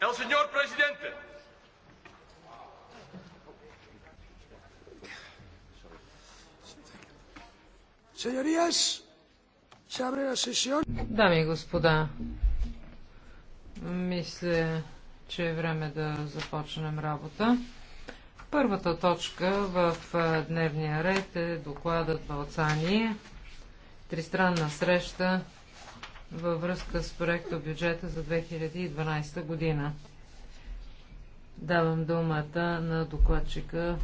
El señor presidente. Señorías, se abre la sesión. Дами и господа, мисля, че е време да започнем работа. Първата точка в дневния ред е докладът Балцания. тристранна среща във връзка с проекта бюджета за 2012 година. Давам думата на докладчика